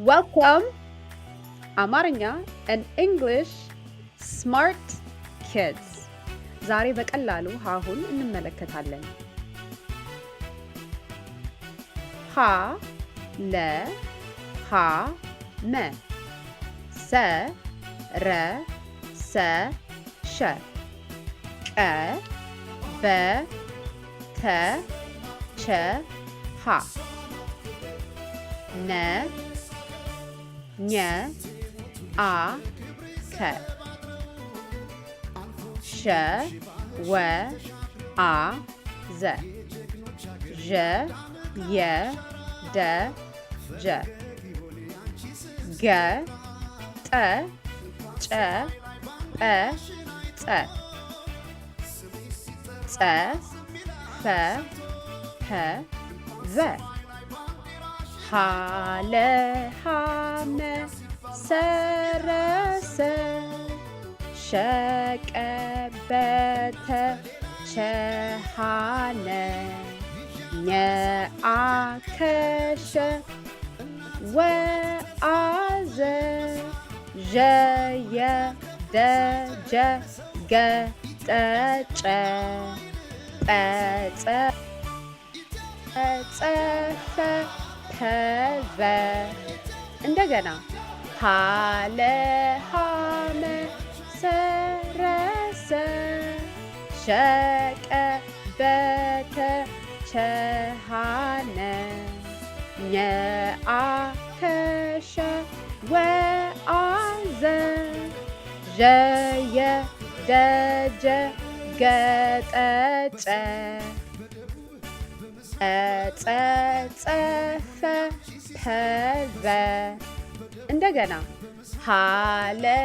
welcome አማርኛ and English smart kids ዛሬ በቀላሉ ሀሁን እንመለከታለን። ሀ ለ ሀ መ ሰ ረ ሰ ሸ ቀ በ ተ ቸ ሀ ነ nie, a, ke. Sze, łe, a, ze. Że, je, de, że. Ge, te, cze, e, ce. Ce, fe, he, ze. ሃለሃመ ሰረሰ ሸቀበተ ሸሃነ ኘአከሸ ወአዘ ዠየደጀ ገጠጨ ጸጸፈ እንደገና ሃለ ሃመ ሰረሰ ሸቀ በተ ቸሃነ ኘአከሸ ወአዘ ዠየ ደጀ ገጠጨ ጸጸፈ እንደገና ሃለሃመ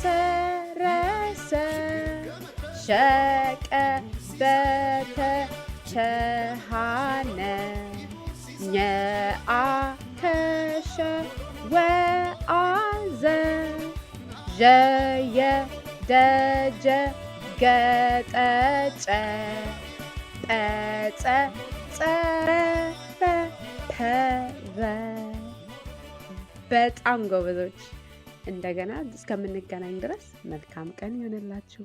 ሰረሰ ሸቀ በተ ቸሃነ ኘአከሸ ወአዘ ዠየደጀ ገጠጨ ቀ ጸ በጣም ጎበዞች። እንደገና እስከምንገናኝ ድረስ መልካም ቀን ይሆንላችሁ።